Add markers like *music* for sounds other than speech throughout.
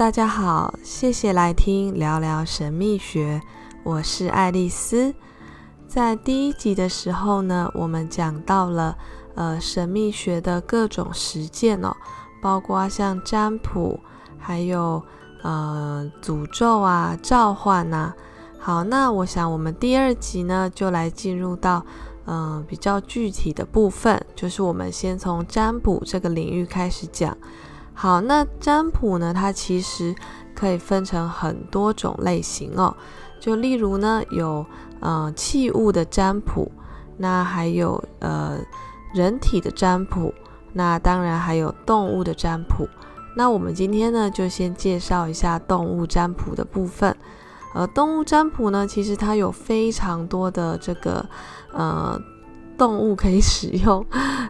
大家好，謝謝來聽聊聊神祕學。我是愛麗絲。在第一集的時候呢，我們講到了呃神祕學的各種實踐哦，包括像占卜，還有呃詛咒啊、召喚吶、啊。好，那我想我們第二集呢，就來進入到嗯、呃、比較具體的部分，就是我們先從占卜這個領域開始講。好，那占卜呢？它其實可以分成很多種類型哦。就例如呢，有呃器物的占卜，那還有呃人體的占卜，那當然還有動物的占卜。那我們今天呢，就先介紹一下動物占卜的部分。呃，動物占卜呢，其實它有非常多的這個呃。動物可以使用，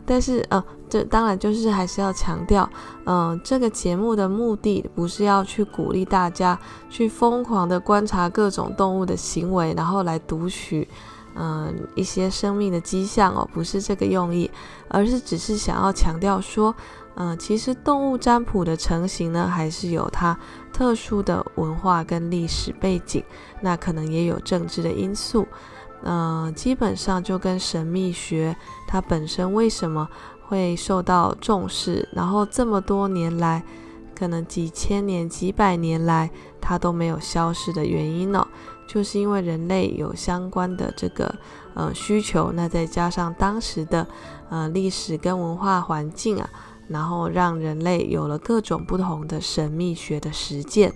但是呃，這當然就是還是要強調，嗯、呃，這個節目的目的不是要去鼓勵大家去瘋狂地觀察各種動物的行為，然後來讀取嗯、呃，一些生命的跡象哦，不是這個用意，而是只是想要強調說，嗯、呃，其實動物占卜的成型呢，還是有它特殊的文化跟歷史背景，那可能也有政治的因素。嗯、呃，基本上就跟神秘學它本身為什麼會受到重視，然後這麼多年來，可能幾千年、幾百年來它都沒有消失的原因呢、哦，就是因為人類有相關的這個呃需求，那再加上當時的呃歷史跟文化環境啊，然後讓人類有了各種不同的神秘學的實踐。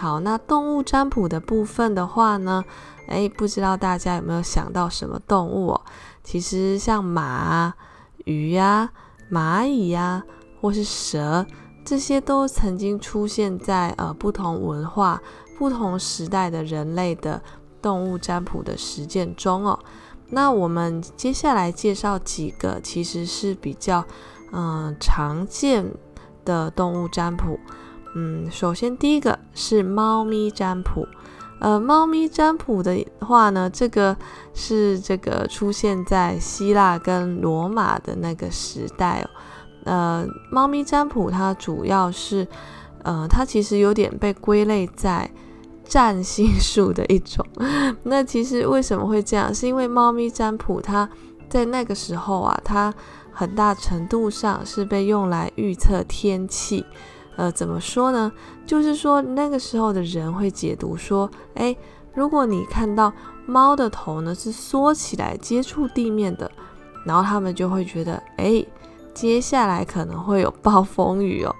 好，那動物占卜的部分的話呢，哎，不知道大家有沒有想到什麼動物哦？其實像馬、魚呀、啊、螞蟻呀、啊，或是蛇，這些都曾經出現在呃不同文化、不同時代的人類的動物占卜的實踐中哦。那我們接下來介紹幾個，其實是比較嗯、呃、常見的動物占卜。嗯，首先第一個是貓咪占卜，呃，貓咪占卜的話呢，這個是這個出現在希臘跟羅馬的那個時代哦，呃，貓咪占卜它主要是，呃，它其實有點被歸類在占星術的一種。 *laughs* 那其實為什麼會這樣？是因為貓咪占卜它在那個時候啊，它很大程度上是被用來預測天氣。呃，怎麼說呢？就是說那個時候的人會解讀說，哎，如果你看到貓的頭呢，是縮起來接觸地面的，然後他們就會覺得，哎，接下來可能會有暴風雨哦。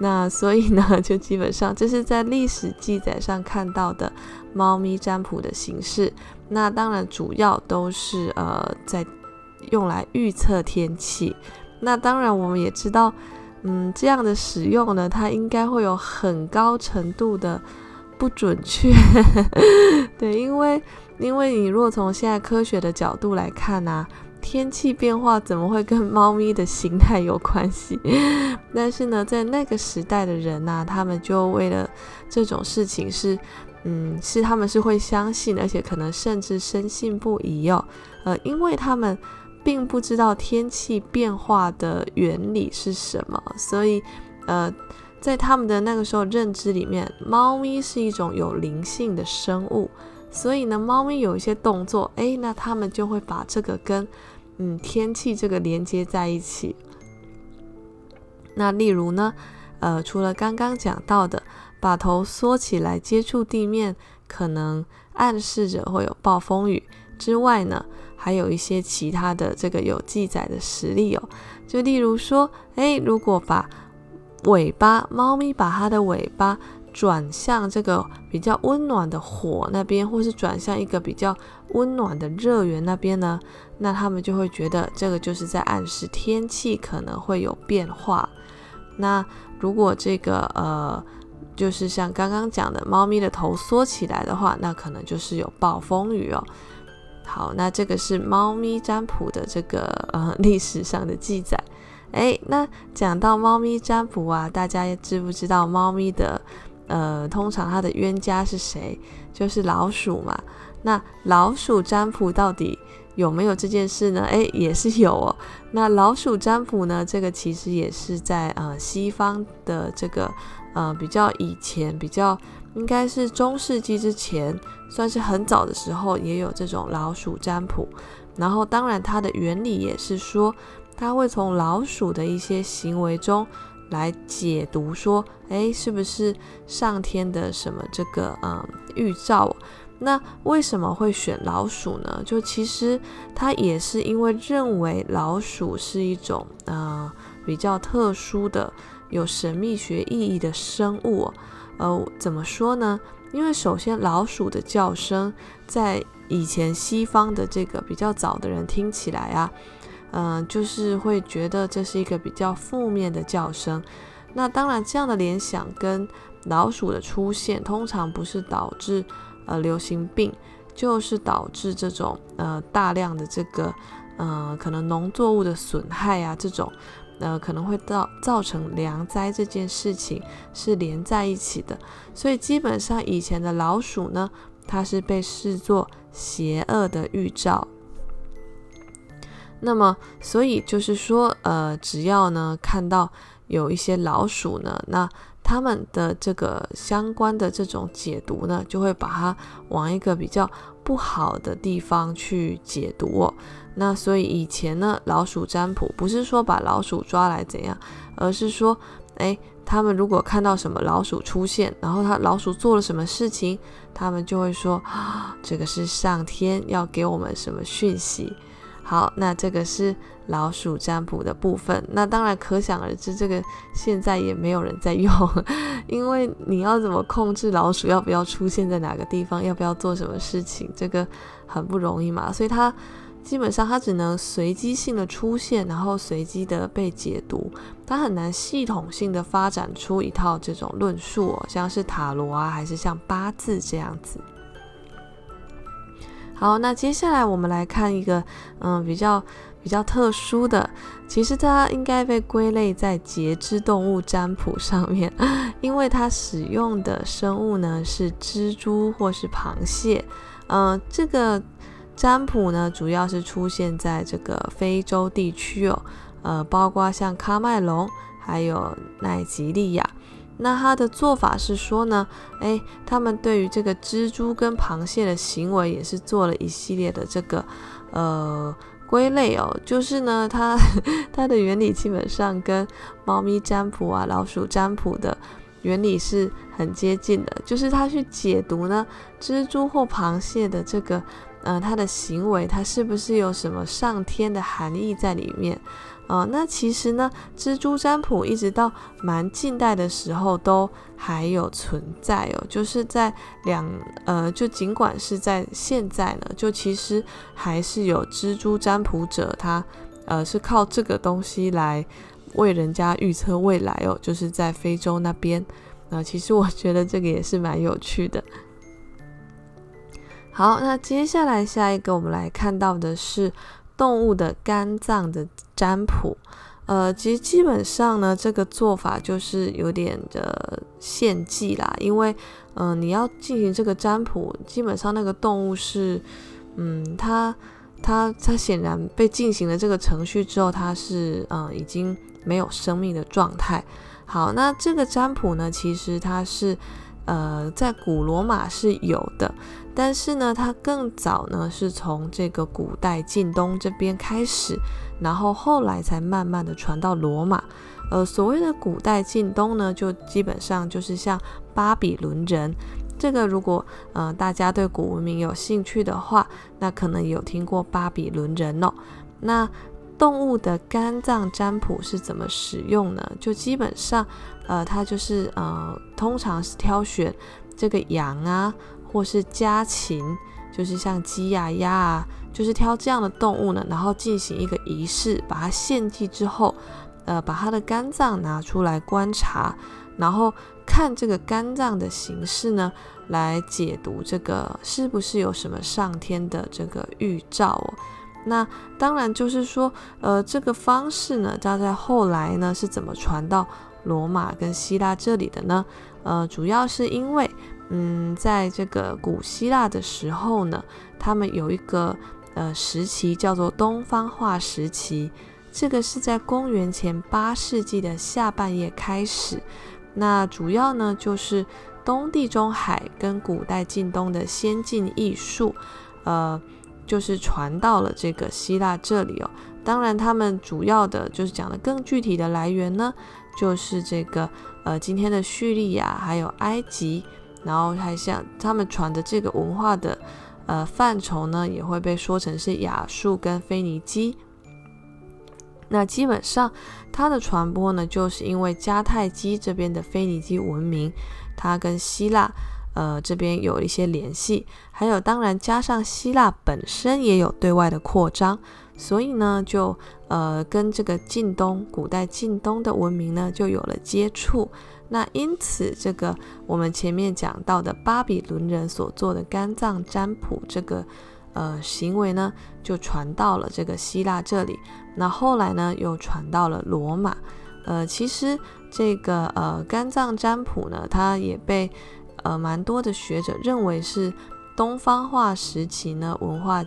那所以呢，就基本上這是在歷史記載上看到的貓咪占卜的形式。那當然主要都是呃在用來預測天氣。那當然我們也知道。嗯，這樣的使用呢，它應該會有很高程度的不準確。 *laughs* 對，因為因為你若從現在科學的角度來看吶，天氣變化怎麼會跟貓咪的形態有關係？ *laughs* 但是呢，在那個時代的人吶，他們就為了這種事情是，嗯，是他們是會相信，而且可能甚至深信不疑哦。呃，因為他們。並不知道天氣變化的原理是什麼，所以，呃，在他們的那個時候認知裡面，貓咪是一種有靈性的生物，所以呢，貓咪有一些動作，誒，那他們就會把這個跟，嗯，天氣這個連接在一起。那例如呢，呃，除了剛剛講到的把頭縮起來接觸地面，可能暗示着會有暴風雨之外呢。還有一些其他的這個有記載的實例哦，就例如說，誒、哎，如果把尾巴，貓咪把它的尾巴轉向這個比較溫暖的火那邊，或是轉向一個比較溫暖的熱源那邊呢，那它們就會覺得這個就是在暗示天氣可能會有變化。那如果這個呃，就是像剛剛講的，貓咪的頭縮起來的話，那可能就是有暴風雨哦。好，那這個是貓咪占卜的這個呃歷史上的記載，欸，那講到貓咪占卜啊，大家知不知道貓咪的呃通常它的冤家是誰？就是老鼠嘛。那老鼠占卜到底有沒有這件事呢？欸，也是有哦。那老鼠占卜呢，這個其實也是在呃西方的這個呃比較以前比較應該是中世紀之前。算是很早的時候也有這種老鼠占卜，然後當然它的原理也是說，它會從老鼠的一些行為中來解讀說，誒，是不是上天的什麼這個嗯預兆？那為什麼會選老鼠呢？就其實它也是因為認為老鼠是一種呃、嗯、比較特殊的、有神秘學意義的生物哦。呃，怎麼說呢？因為首先老鼠的叫聲，在以前西方的這個比較早的人聽起來啊，嗯、呃，就是會覺得這是一個比較負面的叫聲。那當然，這樣的聯想跟老鼠的出現，通常不是導致呃流行病，就是導致這種呃大量的這個嗯、呃、可能農作物的損害啊這種。呃，可能會造造成糧災，這件事情是連在一起的，所以基本上以前的老鼠呢，它是被視作邪惡的預兆。那麼，所以就是說，呃，只要呢看到有一些老鼠呢，那他們的這個相關的這種解讀呢，就會把它往一個比較不好的地方去解讀哦。那所以以前呢，老鼠占卜不是說把老鼠抓來怎樣，而是說，誒，他們如果看到什麼老鼠出現，然後他老鼠做了什麼事情，他們就會說，啊，這個是上天要給我們什麼訊息。好，那這個是老鼠占卜的部分。那當然可想而知，這個現在也沒有人在用，因為你要怎麼控制老鼠要不要出現在哪個地方，要不要做什麼事情，這個很不容易嘛。所以它。基本上它只能隨機性的出現，然後隨機的被解讀，它很難系統性的發展出一套這種論述哦，像是塔羅啊，還是像八字這樣子。好，那接下來我們來看一個，嗯，比較比較特殊的，其實它應該被歸類在節肢動物占卜上面，因為它使用的生物呢是蜘蛛或是螃蟹，嗯，這個。占卜呢，主要是出現在這個非洲地區哦，呃，包括像喀麥隆，還有奈及利亞。那他的做法是說呢，哎，他們對於這個蜘蛛跟螃蟹的行為也是做了一系列的這個呃歸類哦，就是呢，它呵呵它的原理基本上跟貓咪占卜啊、老鼠占卜的原理是很接近的，就是它去解讀呢蜘蛛或螃蟹的這個。呃，他的行為，他是不是有什麼上天的含義在裡面？呃，那其實呢，蜘蛛占卜一直到蠻近代的時候都還有存在哦，就是在兩呃，就儘管是在現在呢，就其實還是有蜘蛛占卜者，他呃是靠這個東西來為人家預測未來哦，就是在非洲那邊。那，呃，其實我覺得這個也是蠻有趣的。好，那接下來下一個我們來看到的是動物的肝臟的占卜。呃，其實基本上呢，這個做法就是有點的獻祭啦，因為，嗯、呃，你要進行這個占卜，基本上那個動物是，嗯，它它它顯然被進行了這個程序之後，它是嗯、呃、已經沒有生命的狀態。好，那這個占卜呢，其實它是呃在古羅馬是有的。但是呢，它更早呢是從這個古代近東這邊開始，然後後來才慢慢地傳到羅馬。呃，所謂的古代近東呢，就基本上就是像巴比倫人。這個如果呃大家對古文明有興趣的話，那可能有聽過巴比倫人哦。那動物的肝臟占卜是怎麼使用呢？就基本上，呃，它就是呃，通常是挑選這個羊啊。或是家禽，就是像雞呀,呀、鴨啊，就是挑這樣的動物呢，然後進行一個儀式，把它獻祭之後，呃，把它的肝臟拿出來觀察，然後看這個肝臟的形式呢，來解讀這個是不是有什麼上天的這個預兆。哦。那當然就是說，呃，這個方式呢，它在後來呢是怎麼傳到羅馬跟希臘這裡的呢？呃，主要是因為。嗯，在這個古希臘的時候呢，他們有一個呃時期叫做東方化時期，這個是在公元前八世紀的下半葉開始。那主要呢就是東地中海跟古代近東的先進藝術，呃，就是傳到了這個希臘這裡哦。當然，他們主要的就是講的更具體的來源呢，就是這個呃今天的敘利亞還有埃及。然後，還像他們傳的這個文化的，呃，範疇呢，也會被說成是亞述跟腓尼基。那基本上它的傳播呢，就是因為迦太基這邊的腓尼基文明，它跟希臘，呃，這邊有一些聯繫。還有，當然加上希臘本身也有對外的擴張，所以呢，就呃，跟這個近東古代近東的文明呢，就有了接觸。那因此，這個我們前面講到的巴比倫人所做的肝臟占卜這個呃行為呢，就傳到了這個希臘這裡。那後來呢，又傳到了羅馬。呃，其實這個呃肝臟占卜呢，它也被呃蠻多的學者認為是東方化時期呢，文化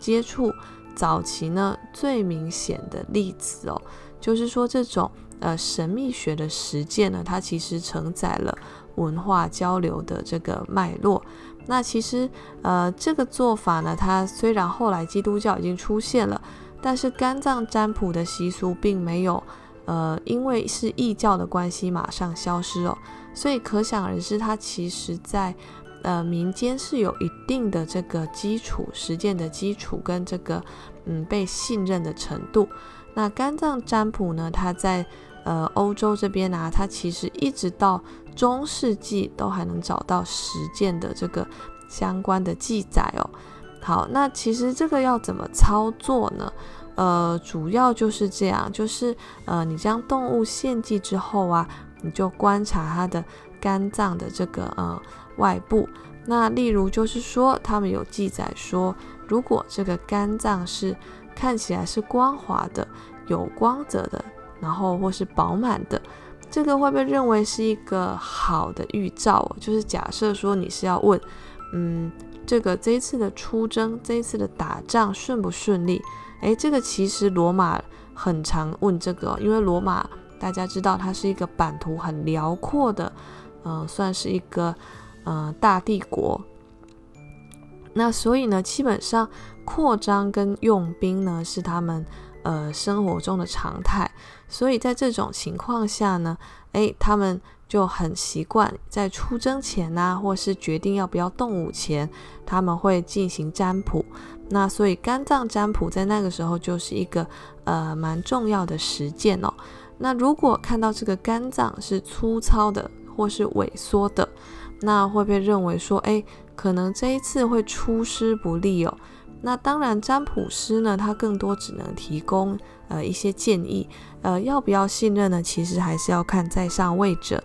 接觸早期呢，最明顯的例子哦，就是說這種。呃，神秘學的實踐呢，它其實承載了文化交流的這個脈絡。那其實，呃，這個做法呢，它雖然後來基督教已經出現了，但是肝臟占卜的習俗並沒有，呃，因為是異教的關係馬上消失哦。所以可想而知，它其實在，呃，民間是有一定的這個基礎、實踐的基礎跟這個，嗯，被信任的程度。那肝臟占卜呢？它在呃歐洲這邊啊，它其實一直到中世紀都還能找到實踐的這個相關的記載哦。好，那其實這個要怎麼操作呢？呃，主要就是這樣，就是呃你將動物獻祭之後啊，你就觀察它的肝臟的這個呃外部。那例如就是說，他們有記載說，如果這個肝臟是看起來是光滑的、有光澤的，然後或是飽滿的，這個會被認為是一個好的預兆。就是假設說你是要問，嗯，這個這一次的出征、這一次的打仗順不順利？誒，這個其實羅馬很常問這個，哦，因為羅馬大家知道它是一個版圖很遼闊的，嗯、呃，算是一個嗯、呃、大帝國。那所以呢，基本上。擴張跟用兵呢，是他們呃生活中的常態，所以在這種情況下呢，誒，他們就很習慣在出征前吶、啊，或是決定要不要動武前，他們會進行占卜。那所以肝臟占卜在那個時候就是一個呃蠻重要的實踐哦。那如果看到這個肝臟是粗糙的或是萎縮的，那會被認為說，誒，可能這一次會出師不利哦。那當然，占卜師呢，他更多只能提供呃一些建議，呃要不要信任呢？其實還是要看在上位者。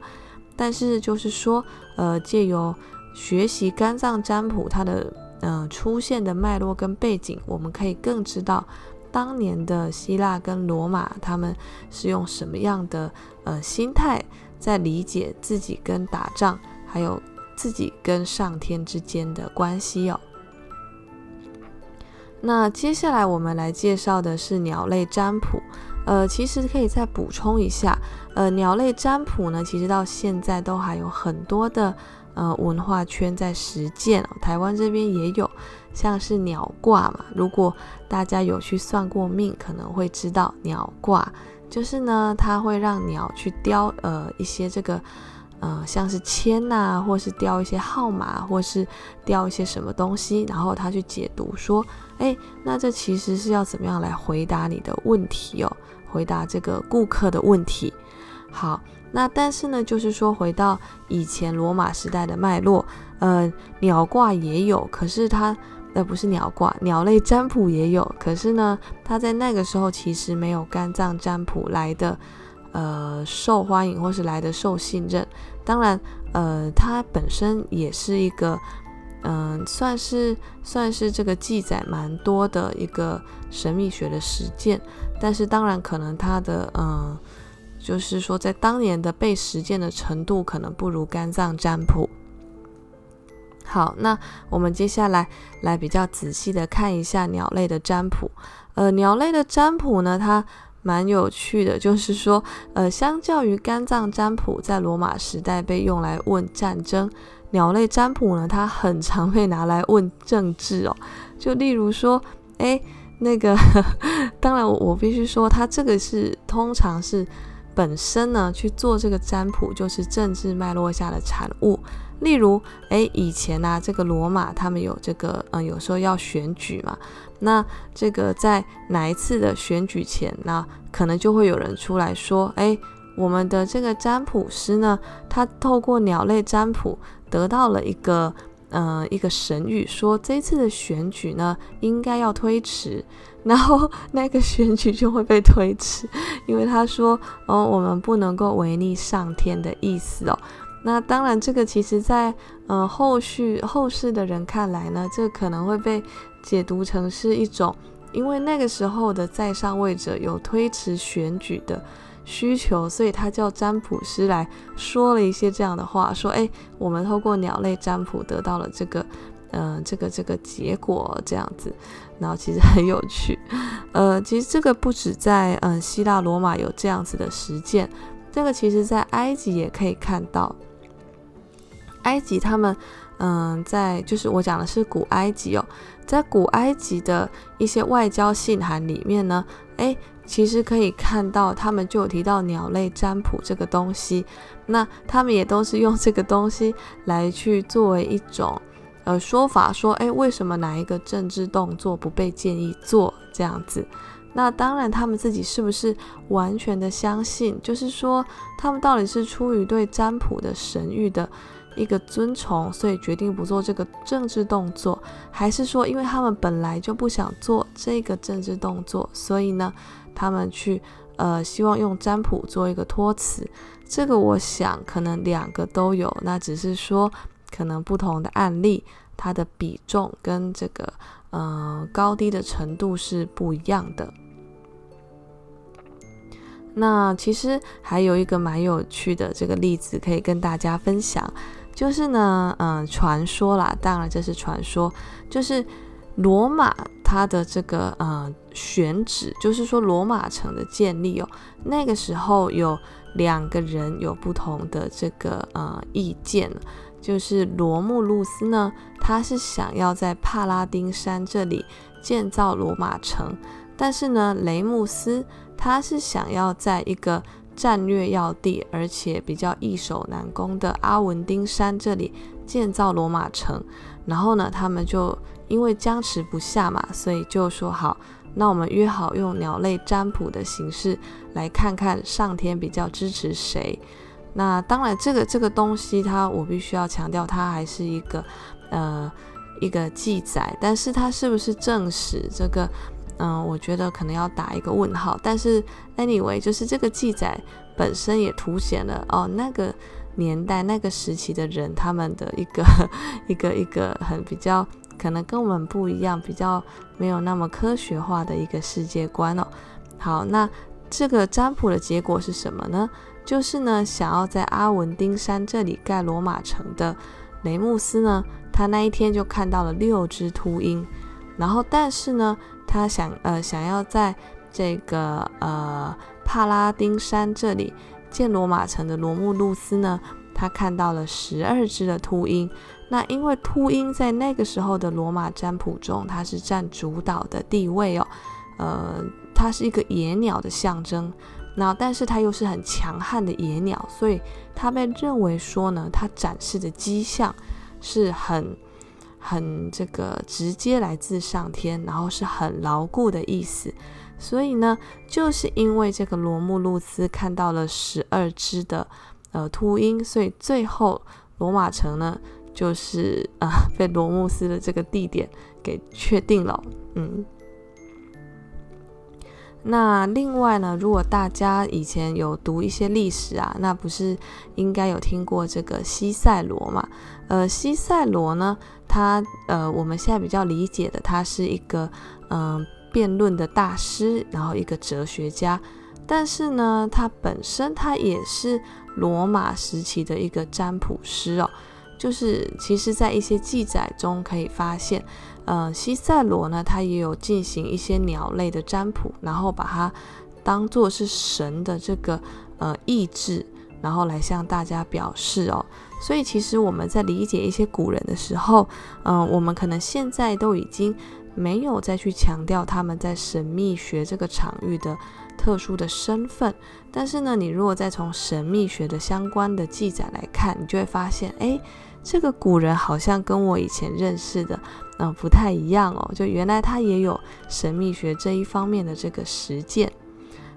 但是就是說，呃借由學習肝臟占卜他，它的呃出現的脈絡跟背景，我們可以更知道當年的希臘跟羅馬他們是用什麼樣的呃心態在理解自己跟打仗，還有自己跟上天之間的關係哦。那接下來我們來介紹的是鳥類占卜，呃，其實可以再補充一下，呃，鳥類占卜呢，其實到現在都還有很多的呃文化圈在實踐，台灣這邊也有，像是鳥卦嘛，如果大家有去算過命，可能會知道鳥卦，就是呢，它會讓鳥去叼呃一些這個，呃像是籤吶、啊，或是叼一些號碼，或是叼一些什麼東西，然後它去解讀說。誒，那這其實是要怎麼樣來回答你的問題哦？回答這個顧客的問題。好，那但是呢，就是說回到以前羅馬時代的脈絡，呃，鳥卦也有，可是它呃不是鳥卦，鳥類占卜也有，可是呢，它在那個時候其實沒有肝臟占卜來得呃受歡迎，或是來得受信任。當然，呃，它本身也是一個。嗯，算是算是這個記載蠻多的一個神秘學的實踐，但是當然可能它的嗯，就是說在當年的被實踐的程度可能不如肝臟占卜。好，那我們接下來來比較仔細的看一下鳥類的占卜。呃，鳥類的占卜呢，它蠻有趣的，就是說呃，相較於肝臟占卜，在羅馬時代被用來問戰爭。鳥類占卜呢，它很常被拿來問政治哦。就例如說，哎，那個，當然我必須說，它這個是通常是本身呢去做這個占卜，就是政治脈絡下的產物。例如，哎，以前吶，這個羅馬他們有這個，嗯，有時候要選舉嘛，那這個在哪一次的選舉前呢，可能就會有人出來說，哎，我們的這個占卜師呢，他透過鳥類占卜，得到了一個，嗯、呃，一個神諭，說這次的選舉呢，應該要推遲，然後那個選舉就會被推遲，因為他說，哦，我們不能夠違逆上天的意思哦。那當然，這個其實在，嗯、呃，後續後世的人看來呢，這可能會被解讀成是一種，因為那個時候的在上位者有推遲選舉的。需求，所以他叫占卜師來說了一些這樣的話，說：“哎，我們通過鳥類占卜得到了這個，嗯，這個這個結果，這樣子，然後其實很有趣。呃、嗯，其實這個不止在嗯希臘羅馬有這樣子的實踐，這個其實在埃及也可以看到。埃及他們，嗯，在就是我講的是古埃及哦，在古埃及的一些外交信函裡面呢，哎。”其實可以看到，他們就有提到鳥類占卜這個東西，那他們也都是用這個東西來去作為一種，呃，說法，說，誒為什麼哪一個政治動作不被建議做這樣子？那當然，他們自己是不是完全的相信？就是說，他們到底是出於對占卜的神諭的一個尊崇，所以決定不做這個政治動作，還是說，因為他們本來就不想做這個政治動作，所以呢？他們去，呃，希望用占卜做一個託詞，這個我想可能兩個都有，那只是說可能不同的案例，它的比重跟這個，嗯、呃，高低的程度是不一樣的。那其實還有一個蠻有趣的這個例子可以跟大家分享，就是呢，嗯、呃，傳說啦。當然這是傳說，就是羅馬。它的這個呃選址，就是說羅馬城的建立哦，那個時候有兩個人有不同的這個呃意見，就是羅慕路斯呢，他是想要在帕拉丁山這裡建造羅馬城，但是呢，雷姆斯他是想要在一個戰略要地，而且比較易守難攻的阿文丁山這裡建造羅馬城，然後呢他們就。因為僵持不下嘛，所以就說好，那我們約好用鳥類占卜的形式來看看上天比較支持誰。那當然，這個這個東西它，它我必須要強調，它還是一個呃一個記載，但是它是不是證實這個，嗯、呃，我覺得可能要打一個問號。但是 anyway，就是這個記載本身也凸顯了哦，那個年代那個時期的人他們的一個一個一個很比較，可能跟我們不一樣，比較沒有那麼科學化的一個世界觀哦。好，那這個占卜的結果是什麼呢？就是呢，想要在阿文丁山這裡蓋羅馬城的雷穆斯呢，他那一天就看到了六隻禿鷹。然後，但是呢，他想呃想要在這個呃帕拉丁山這裡建羅馬城的羅穆路斯呢，他看到了十二隻的禿鷹。那因為禿鷹在那個時候的羅馬占卜中，它，是占主導的地位哦。呃，它是一個野鳥的象徵，那但是它又是很強悍的野鳥，所以它被認為說呢，它展示的跡象是很、很這個直接來自上天，然後是很牢固的意思。所以呢，就是因為這個羅慕路斯看到了十二隻的呃禿鷹，所以最後羅馬城呢。就是啊、呃，被羅慕斯的這個地點給確定了。嗯，那另外呢，如果大家以前有讀一些歷史啊，那不是應該有聽過這個西塞羅嘛？呃，西塞羅呢，他呃，我們現在比較理解的，他是一個嗯、呃，辯論的大師，然後一個哲學家。但是呢，他本身他也是羅馬時期的一個占卜師哦。就是其實，在一些記載中可以發現，呃，西塞羅呢，他也有進行一些鳥類的占卜，然後把它當做是神的這個呃意志，然後來向大家表示哦。所以其實我們在理解一些古人的時候，嗯、呃，我們可能現在都已經沒有再去強調他們在神秘學這個場域的特殊的身份。但是呢，你如果再從神秘學的相關的記載來看，你就會發現，誒。這個古人好像跟我以前認識的，嗯、呃，不太一樣哦。就原來他也有神秘學這一方面的這個實踐。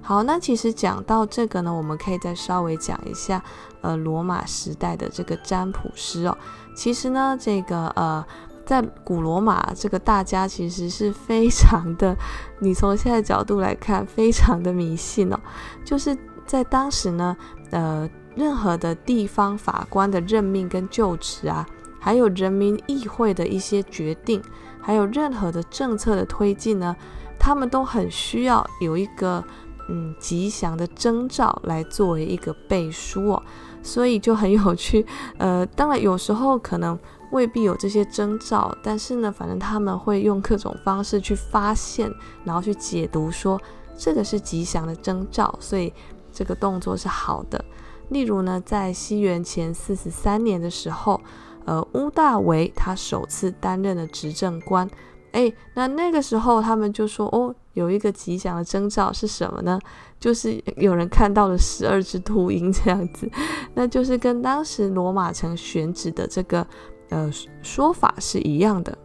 好，那其實講到這個呢，我們可以再稍微講一下，呃，羅馬時代的這個占卜師哦。其實呢，這個呃，在古羅馬這個大家其實是非常的，你從現在角度來看，非常的迷信哦。就是在當時呢，呃。任何的地方法官的任命跟就職啊，還有人民議會的一些決定，還有任何的政策的推進呢，他們都很需要有一個嗯吉祥的徵兆來作為一個背書哦，所以就很有趣。呃，當然有時候可能未必有這些徵兆，但是呢，反正他們會用各種方式去發現，然後去解讀說這個是吉祥的徵兆，所以這個動作是好的。例如呢，在西元前四十三年的時候，呃，屋大維他首次擔任了執政官。誒，那那個時候他們就說，哦，有一個吉祥的徵兆是什麼呢？就是有人看到了十二隻禿鷹這樣子，那就是跟當時羅馬城選址的這個呃說法是一樣的。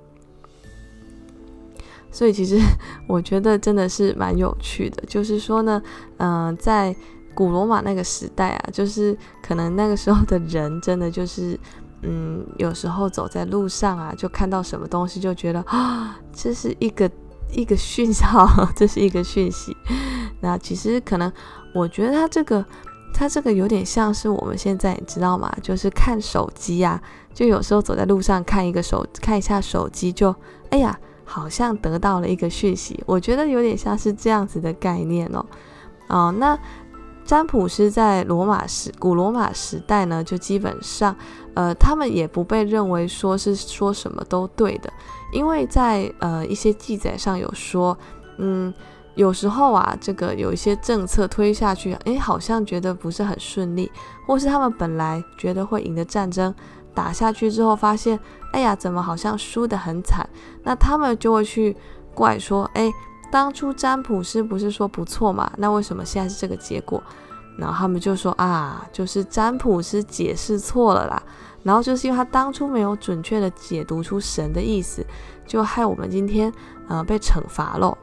所以其實我覺得真的是蠻有趣的，就是說呢，嗯、呃，在。古羅馬那個時代啊，就是可能那個時候的人真的就是，嗯，有時候走在路上啊，就看到什麼東西，就覺得啊，這是一個一個訊號，這是一個訊息。那其實可能我覺得他這個他這個有點像是我們現在，你知道嗎？就是看手機呀、啊，就有時候走在路上看一個手看一下手機就，就哎呀，好像得到了一個訊息。我覺得有點像是這樣子的概念哦，哦，那。占卜師在羅馬時，古羅馬時代呢，就基本上，呃，他們也不被認為說是說什麼都對的，因為在呃一些記載上有說，嗯，有時候啊，這個有一些政策推下去，哎，好像覺得不是很順利，或是他們本來覺得會贏的戰爭，打下去之後發現，哎呀，怎麼好像輸得很慘？那他們就會去怪說，哎。當初占卜師不是說不錯嘛？那為什麼現在是這個結果？然後他們就說啊，就是占卜師解釋錯了啦。然後就是因為他當初沒有準確地解讀出神的意思，就害我們今天呃被懲罰嘍。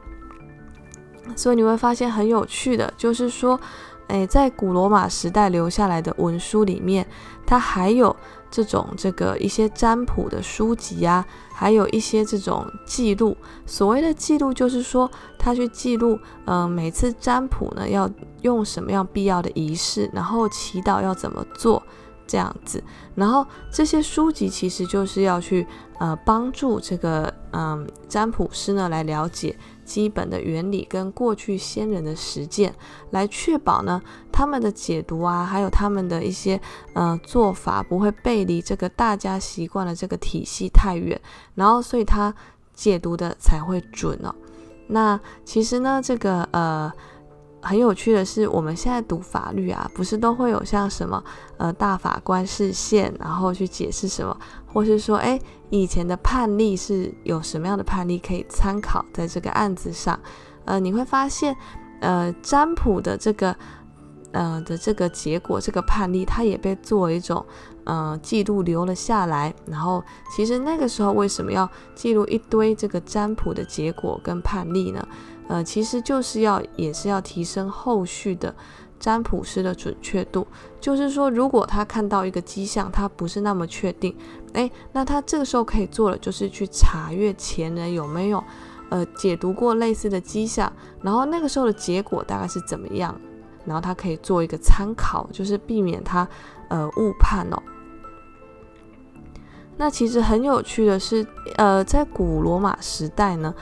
所以你會發現很有趣的，就是說，誒，在古羅馬時代留下來的文書裡面，它還有，這種這個一些占卜的書籍啊，還有一些這種記錄。所謂的記錄，就是說他去記錄，嗯、呃，每次占卜呢要用什麼樣必要的儀式，然後祈禱要怎麼做，這樣子。然後這些書籍其實就是要去呃幫助這個嗯、呃、占卜師呢來了解。基本的原理跟過去先人的實踐，來確保呢他們的解讀啊，還有他們的一些呃做法不會背離這個大家習慣了這個體系太遠，然後所以他解讀的才會準哦。那其實呢，這個呃。很有趣的是，我們現在讀法律啊，不是都會有像什麼呃大法官釋憲，然後去解釋什麼，或是說哎以前的判例是有什麼樣的判例可以參考在這個案子上，呃你會發現，呃占卜的這個呃的這個結果這個判例，它也被作為一種呃記錄留了下來。然後其實那個時候為什麼要記錄一堆這個占卜的結果跟判例呢？呃，其實就是要也是要提升後續的占卜師的準確度。就是說，如果他看到一個跡象，他不是那麼確定，誒，那他這個時候可以做的就是去查閱前人有沒有呃解讀過類似的跡象，然後那個時候的結果大概是怎麼樣，然後他可以做一個參考，就是避免他呃誤判哦。那其實很有趣的是，呃，在古羅馬時代呢。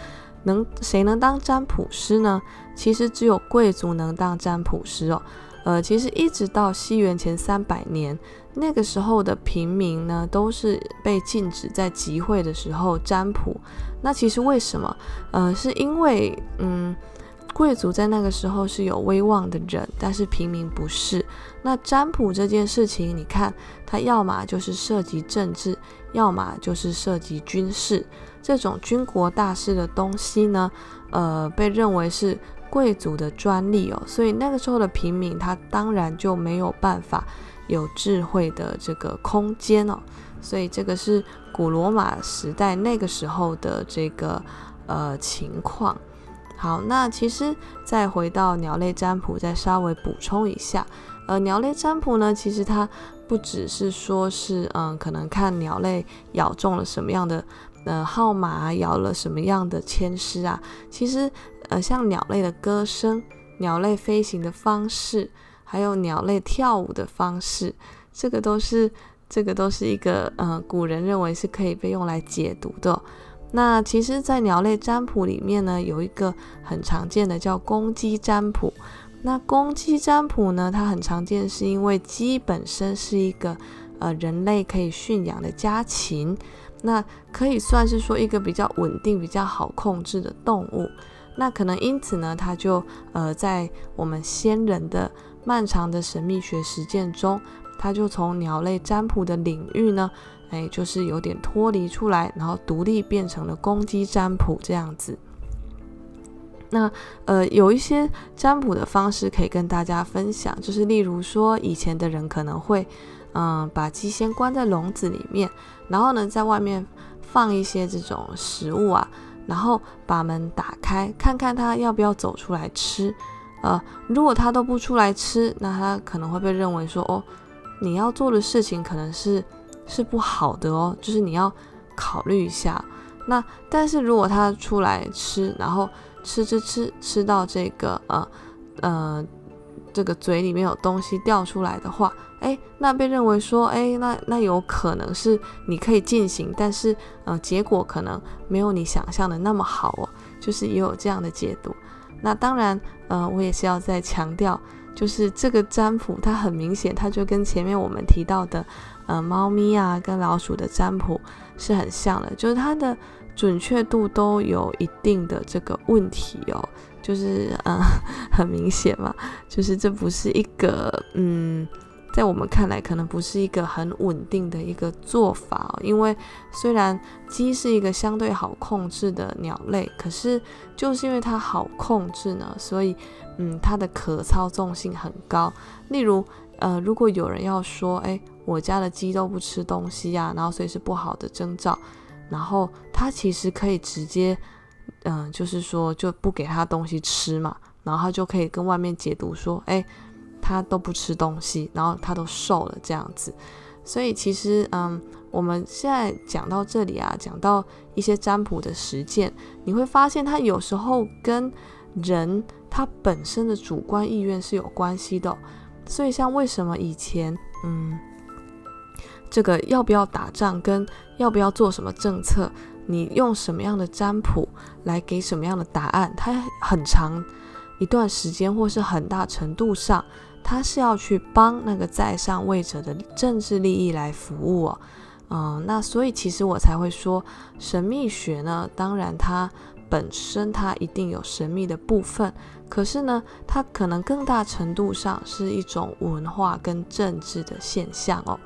能誰能當占卜師呢？其實只有貴族能當占卜師哦。呃，其實一直到西元前三百年，那個時候的平民呢，都是被禁止在集會的時候占卜。那其實為什麼？呃，是因為嗯，貴族在那個時候是有威望的人，但是平民不是。那占卜這件事情，你看，它要麼就是涉及政治，要麼就是涉及軍事。這種軍國大事的東西呢，呃，被認為是貴族的專利哦，所以那個時候的平民，他當然就沒有辦法有智慧的這個空間哦，所以這個是古羅馬時代那個時候的這個呃情況。好，那其實再回到鳥類占卜，再稍微補充一下，呃，鳥類占卜呢，其實它不只是說是嗯，可能看鳥類咬中了什麼樣的。呃，號碼啊，搖了什麼樣的籤詩啊？其實，呃，像鳥類的歌聲、鳥類飛行的方式，還有鳥類跳舞的方式，這個都是這個都是一個呃，古人認為是可以被用來解讀的。那其實，在鳥類占卜裡面呢，有一個很常見的叫公雞占卜。那公雞占卜呢，它很常見，是因為雞本身是一個呃人類可以馴養的家禽。那可以算是說一個比較穩定、比較好控制的動物。那可能因此呢，它就呃，在我們先人的漫長的神秘學實踐中，它就從鳥類占卜的領域呢，哎，就是有點脫離出來，然後獨立變成了公雞占卜這樣子。那呃，有一些占卜的方式可以跟大家分享，就是例如說，以前的人可能會嗯，把雞先關在籠子裡面。然後呢，在外面放一些這種食物啊，然後把門打開，看看它要不要走出來吃。呃，如果它都不出來吃，那它可能會被認為說，哦，你要做的事情可能是是不好的哦，就是你要考慮一下。那但是如果它出來吃，然後吃吃吃，吃到這個呃呃這個嘴裡面有東西掉出來的話，誒，那被認為說，誒，那那有可能是你可以進行，但是，嗯、呃，結果可能沒有你想象的那麼好哦。就是也有這樣的解讀。那當然，呃，我也是要再強調，就是這個占卜，它很明顯，它就跟前面我們提到的，呃，貓咪啊跟老鼠的占卜是很像的，就是它的準確度都有一定的這個問題哦。就是，呃，很明顯嘛，就是這不是一個，嗯。在我們看來，可能不是一個很穩定的一個做法，哦，因為雖然雞是一個相對好控制的鳥類，可是就是因為它好控制呢，所以嗯，它的可操縱性很高。例如，呃，如果有人要說，哎，我家的雞都不吃東西呀，啊，然後所以是不好的徵兆，然後它其實可以直接，嗯，呃，就是說就不給它東西吃嘛，然後它就可以跟外面解讀說，哎。他都不吃東西，然後他都瘦了這樣子，所以其實嗯，我們現在講到這裡啊，講到一些占卜的實踐，你會發現他有時候跟人他本身的主觀意願是有關係的哦。所以像為什麼以前嗯，這個要不要打仗，跟要不要做什麼政策，你用什麼樣的占卜來給什麼樣的答案，他很長一段時間或是很大程度上。他是要去幫那個在上位者的政治利益來服務哦，嗯，那所以其實我才會說，神秘學呢，當然它本身它一定有神秘的部分，可是呢，它可能更大程度上是一種文化跟政治的現象哦。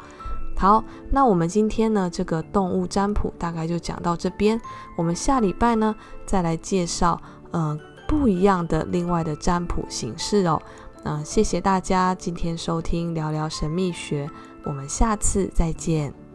好，那我們今天呢，這個動物占卜大概就講到這邊，我們下禮拜呢再來介紹，嗯、呃，不一樣的另外的占卜形式哦。嗯，謝謝大家今天收聽《聊聊神祕學》，我們下次再見。